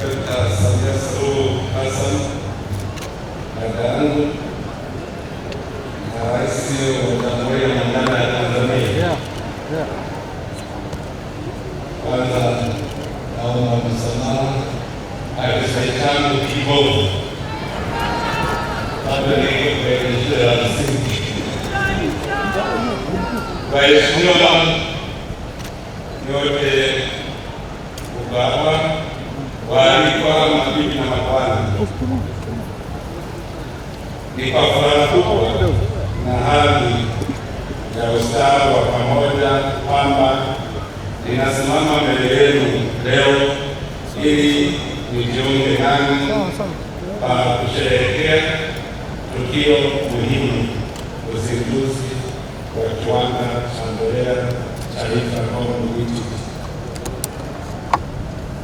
Sandra uh, uh, Salou. waalikwa mabibi na mabwana, ni kwa furaha kubwa na hali ya ustawi wa pamoja kwamba ninasimama mbele yenu leo ili nijiunge nanyi kwa kusherehekea tukio muhimu, uzinduzi wa kiwanda cha mbolea cha Taifa Common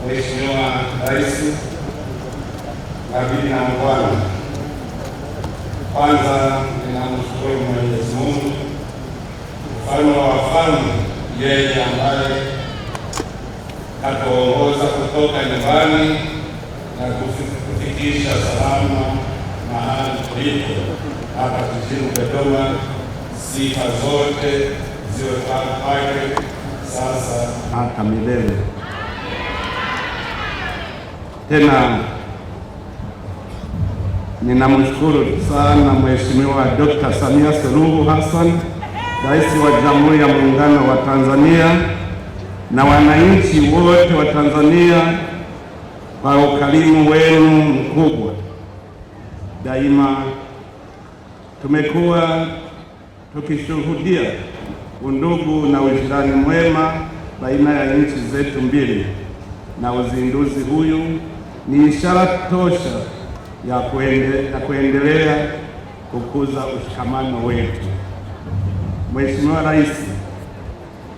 Mheshimiwa Rais Kabili na Muungwana. Kwanza ninamshukuru Mwenyezi Mungu mfalme wa wafalme, yeye ambaye katuongoza kutoka nyumbani na kufikisha salama mahali tulipo hapa jijini Dodoma. Sifa zote ziwe kwake sasa hata milele. Tena ninamshukuru sana Mheshimiwa Dr. Samia Suluhu Hassan, Rais wa Jamhuri ya Muungano wa Tanzania na wananchi wote wa Tanzania kwa ukarimu wenu mkubwa. Daima tumekuwa tukishuhudia undugu na ujirani mwema baina ya nchi zetu mbili, na uzinduzi huyu ni ishara tosha ya, kuende, ya kuendelea kukuza ushikamano wetu. Mheshimiwa Rais,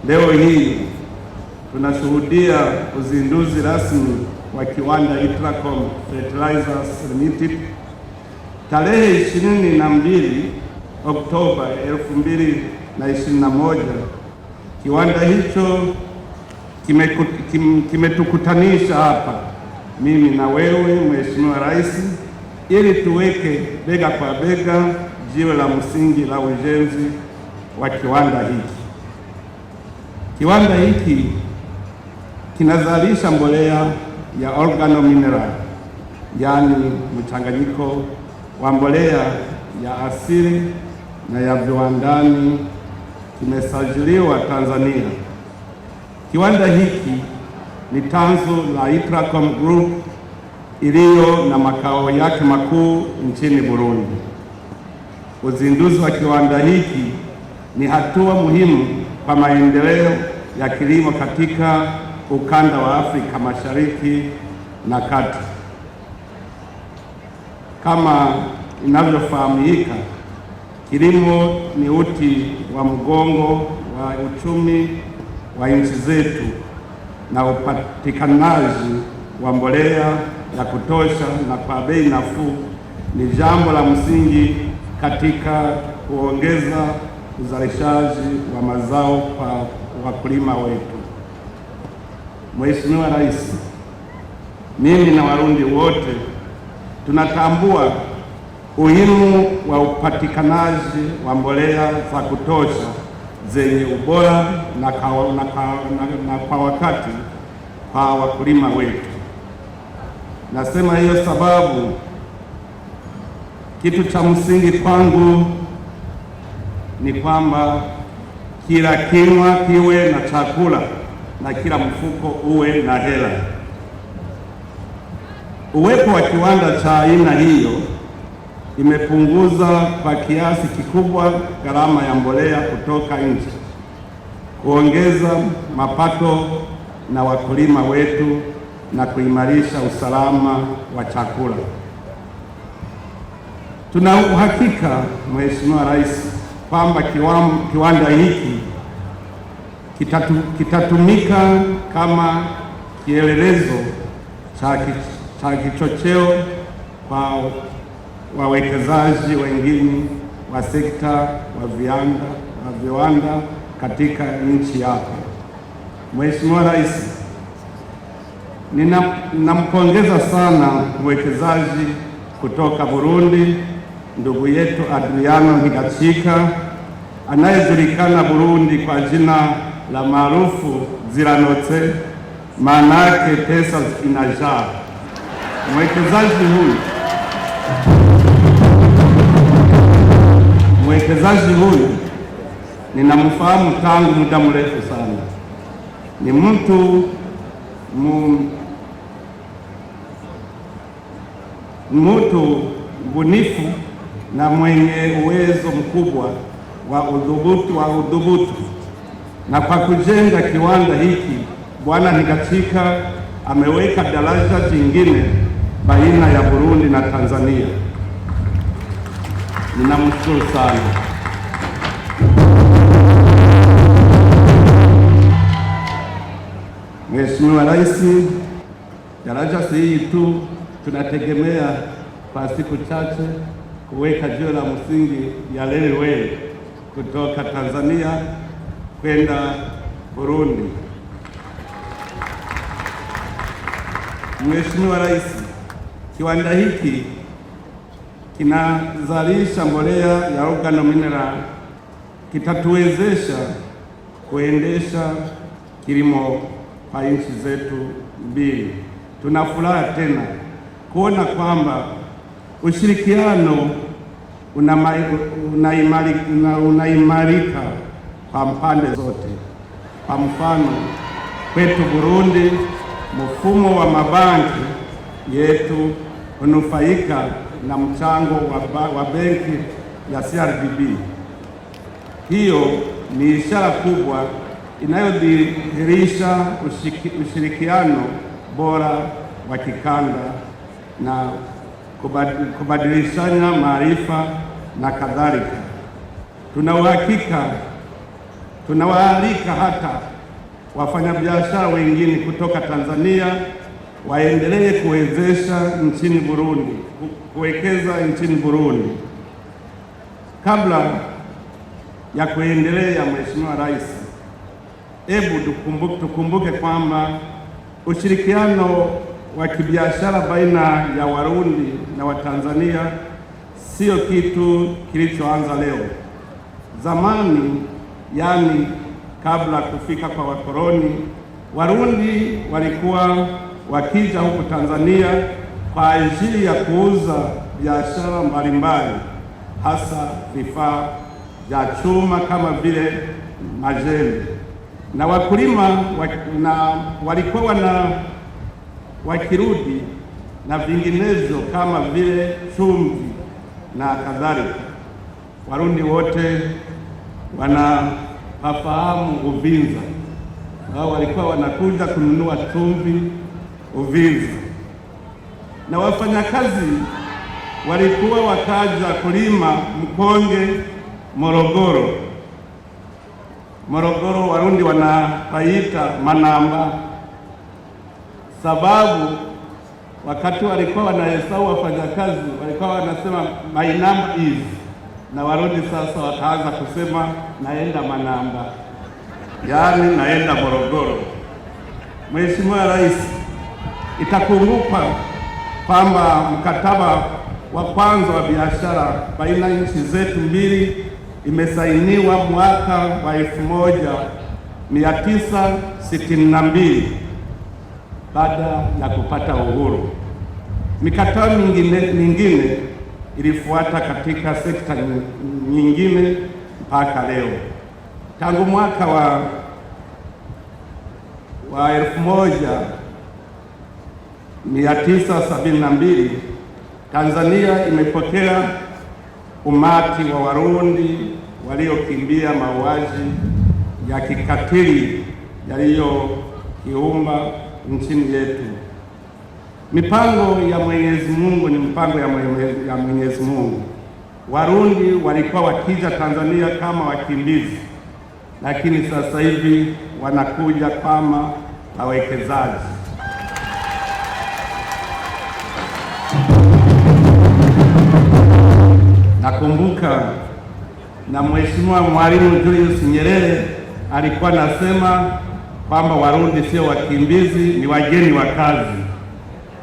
leo hii tunashuhudia uzinduzi rasmi wa kiwanda Itracom Fertilizers Limited tarehe ishirini na mbili Oktoba elfu mbili na ishirini na moja. Kiwanda hicho kimetukutanisha kime hapa mimi na wewe Mheshimiwa Rais, ili tuweke bega kwa bega jiwe la msingi la ujenzi wa kiwanda hiki. Kiwanda hiki kinazalisha mbolea ya organo mineral, yaani mchanganyiko wa mbolea ya asili na ya viwandani, kimesajiliwa Tanzania. Kiwanda hiki ni tanzo la Itracom Group iliyo na makao yake makuu nchini Burundi. Uzinduzi wa kiwanda hiki ni hatua muhimu kwa maendeleo ya kilimo katika ukanda wa Afrika Mashariki na Kati. Kama inavyofahamika, kilimo ni uti wa mgongo wa uchumi wa nchi zetu na upatikanaji wa mbolea ya kutosha na kwa bei nafuu ni jambo la msingi katika kuongeza uzalishaji wa mazao kwa wakulima wetu. Mheshimiwa Rais, mimi na Warundi wote tunatambua umuhimu wa upatikanaji wa mbolea za kutosha zenye ubora na kwa, na na, na kwa wakati kwa wakulima wetu. Nasema hiyo sababu kitu cha msingi kwangu ni kwamba kila kinywa kiwe na chakula na kila mfuko uwe na hela. Uwepo wa kiwanda cha aina hiyo imepunguza kwa kiasi kikubwa gharama ya mbolea kutoka nje, kuongeza mapato na wakulima wetu na kuimarisha usalama wa chakula. Tuna uhakika Mheshimiwa Rais kwamba kiwanda hiki kitatu, kitatumika kama kielelezo cha kichocheo kwa wawekezaji wengine wa sekta wa viwanda wa viwanda katika nchi yako. Mheshimiwa Rais, ninampongeza sana mwekezaji kutoka Burundi ndugu yetu Adriano Higachika anayejulikana Burundi kwa jina la maarufu Ziranotse, maana yake pesa inajaa. Mwekezaji huyu Mwekezaji huyu ninamfahamu tangu muda mrefu sana, ni mtu mtu mbunifu na mwenye uwezo mkubwa wa udhubutu wa udhubutu, na kwa kujenga kiwanda hiki Bwana nigatika ameweka daraja jingine baina ya Burundi na Tanzania ninamshukuru sana. Mheshimiwa Rais, daraja hii tu tunategemea kwa siku chache kuweka jiwe la msingi ya railway kutoka Tanzania kwenda Burundi. Mheshimiwa Rais, kiwanda hiki kinazalisha mbolea ya organo mineral, kitatuwezesha kuendesha kilimo kwa nchi zetu mbili. Tuna furaha tena kuona kwamba ushirikiano unaimarika una una kwa mpande zote. Kwa mfano kwetu Burundi, mfumo wa mabanki yetu unufaika na mchango wa, wa benki ya CRDB. Hiyo ni ishara kubwa inayodhihirisha ushirikiano bora wa kikanda na kubadilishana maarifa na kadhalika. uhakika, tunawaalika hata wafanyabiashara wengine kutoka Tanzania waendelee kuwezesha nchini Burundi, kuwekeza nchini Burundi. Kabla ya kuendelea, Mheshimiwa Rais, hebu tukumbuke, tukumbuke kwamba ushirikiano wa kibiashara baina ya Warundi na Watanzania sio kitu kilichoanza leo. Zamani, yaani kabla kufika kwa wakoloni, Warundi walikuwa wakija huku Tanzania kwa ajili ya kuuza biashara mbalimbali, hasa vifaa vya chuma kama vile majembe na wakulima wa, na walikuwa wana wakirudi na vinginezo kama vile chumvi na kadhalika. Warundi wote wanafahamu Uvinza, wao walikuwa wanakuja kununua chumvi uvinzi, na wafanyakazi walikuwa wakaja kulima mkonge Morogoro. Morogoro Warundi wanapaita manamba, sababu wakati walikuwa wanahesabu wafanyakazi walikuwa wanasema my number is, na Warundi sasa wakaanza kusema naenda manamba, yaani naenda Morogoro. Mheshimiwa Rais Itakumbuka kwamba mkataba wa kwanza wa biashara baina nchi zetu mbili imesainiwa mwaka wa 1962 baada ya kupata uhuru. Mikataba mingine, mingine ilifuata katika sekta nyingine mpaka leo. Tangu mwaka wa wa elfu moja 972 Tanzania imepokea umati wa Warundi waliokimbia mauaji ya kikatili yaliyokiumba nchini yetu. Mipango ya Mwenyezi Mungu ni mipango ya Mwenyezi, ya Mwenyezi Mungu. Warundi walikuwa wakija Tanzania kama wakimbizi, lakini sasa hivi wanakuja kama wawekezaji. Nakumbuka na Mheshimiwa Mwalimu Julius Nyerere alikuwa anasema kwamba Warundi sio wakimbizi, ni wageni wa kazi.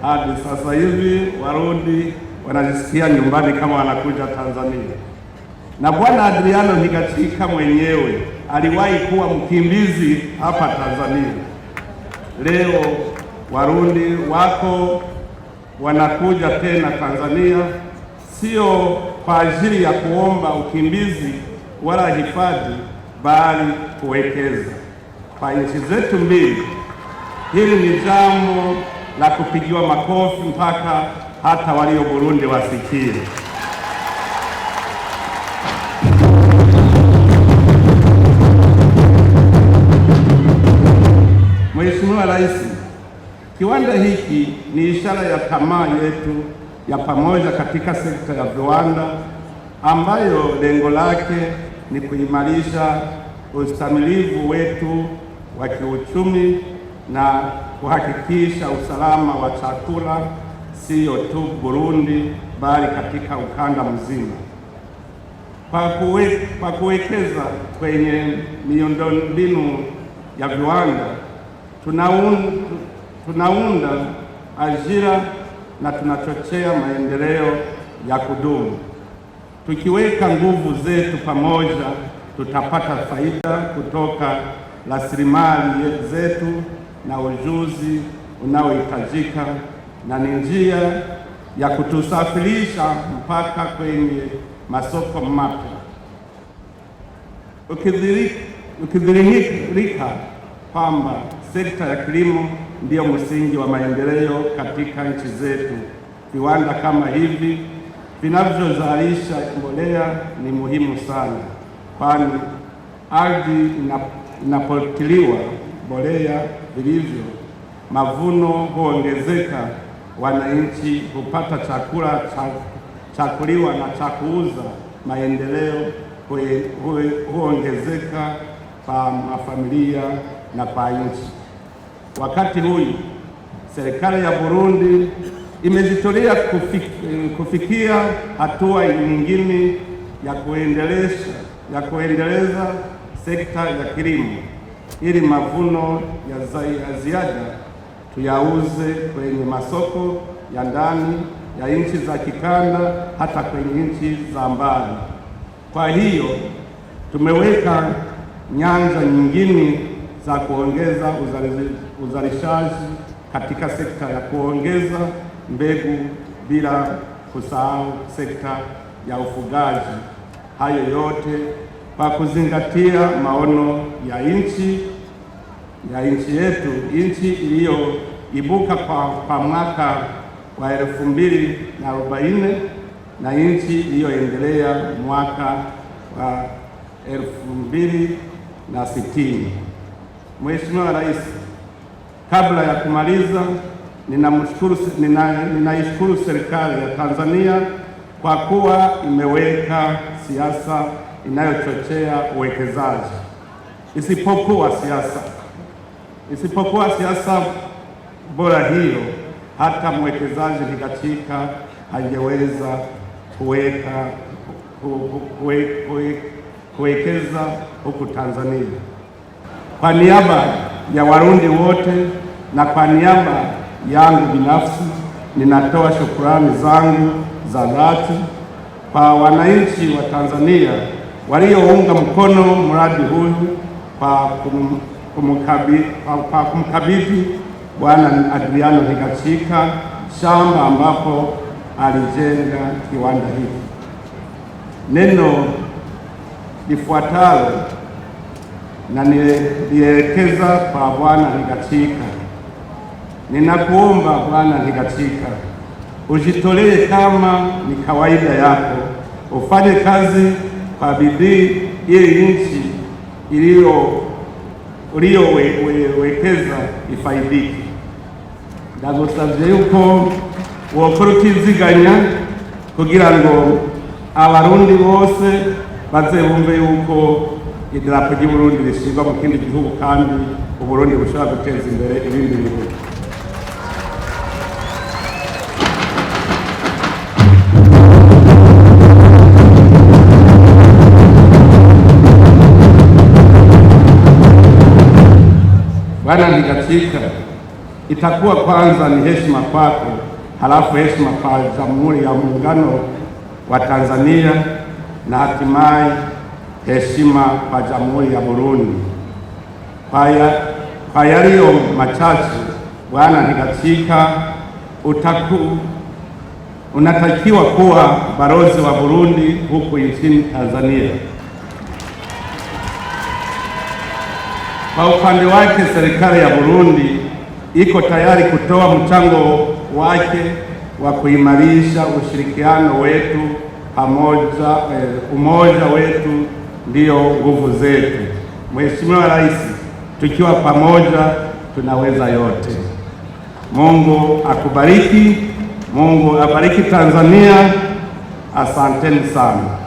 Hadi sasa hivi Warundi wanajisikia nyumbani kama wanakuja Tanzania. Na Bwana Adriano Nikachika mwenyewe aliwahi kuwa mkimbizi hapa Tanzania. Leo Warundi wako wanakuja tena Tanzania, sio kwa ajili ya kuomba ukimbizi wala hifadhi, bali kuwekeza kwa nchi zetu mbili. Hili ni jambo la kupigiwa makofi mpaka hata walio Burundi wasikie. Mheshimiwa Rais, kiwanda hiki ni ishara ya tamaa yetu ya pamoja katika sekta ya viwanda ambayo lengo lake ni kuimarisha ustamilivu wetu wa kiuchumi na kuhakikisha usalama wa chakula siyo tu Burundi bali katika ukanda mzima. Kwa kuwekeza kwenye miundombinu ya viwanda tunaunda, tunaunda ajira na tunachochea maendeleo ya kudumu. Tukiweka nguvu zetu pamoja, tutapata faida kutoka rasilimali zetu na ujuzi unaohitajika, na ni njia ya kutusafirisha mpaka kwenye masoko mapya. Ukidhihirika kwamba sekta ya kilimo ndiyo msingi wa maendeleo katika nchi zetu. Viwanda kama hivi vinavyozalisha mbolea ni muhimu sana, kwani ardhi inapotiliwa mbolea vilivyo, mavuno huongezeka, wananchi hupata chakula cha na cha kuuza, maendeleo huongezeka kwa mafamilia na kwa nchi. Wakati huyu serikali ya Burundi imejitolea kufikia hatua nyingine ya kuendeleza, ya kuendeleza sekta ya kilimo ili mavuno ya ziada tuyauze kwenye masoko ya ndani ya nchi za kikanda hata kwenye nchi za mbali. Kwa hiyo tumeweka nyanja nyingine za kuongeza uzalishaji katika sekta ya kuongeza mbegu bila kusahau sekta ya ufugaji. Hayo yote kwa kuzingatia maono ya nchi ya nchi yetu, nchi iliyoibuka kwa, kwa mwaka wa elfu mbili na arobaini na nchi iliyoendelea mwaka wa elfu mbili na sitini. Mheshimiwa Rais, kabla ya kumaliza, ninamshukuru ninaishukuru nina serikali ya Tanzania kwa kuwa imeweka siasa inayochochea uwekezaji. Isipokuwa siasa isipokuwa siasa bora hiyo, hata mwekezaji nikatika hangeweza kuweka kuwekeza huku Tanzania. Kwa niaba ya Warundi wote na kwa niaba yangu binafsi, ninatoa shukurani zangu za dhati kwa wananchi wa Tanzania waliounga mkono mradi huu kwa kumkabidhi Bwana Adriano Higachika shamba ambapo alijenga kiwanda hiki. Neno lifuatalo na nilielekeza kwa Bwana Ligatika. Ninakuomba Bwana Ligatika, ujitolee kama ni kawaida yako, ufanye kazi kwa bidii ili nchi uliyowekeza ifaidike. ndagusavye yuko wokora utiziganya kugira ngo abarundi bose bazebumve yuko idarapo ry'uburundi rishyirwa mu kindi gihugu kandi uburundi bushobora guteza imbere ibindi bihugu bana Nigacika, itakuwa kwanza ni heshima kwako, halafu heshima kwa Jamhuri ya Muungano wa Tanzania na hatimaye heshima kwa Jamhuri ya Burundi. Kwa yaliyo machache Bwana, ni utaku unatakiwa kuwa balozi wa Burundi huku nchini Tanzania. Kwa upande wake, serikali ya Burundi iko tayari kutoa mchango wake wa kuimarisha ushirikiano wetu pamoja, eh, umoja wetu ndiyo nguvu zetu. Mheshimiwa Rais, tukiwa pamoja tunaweza yote. Mungu akubariki, Mungu abariki Tanzania. Asanteni sana.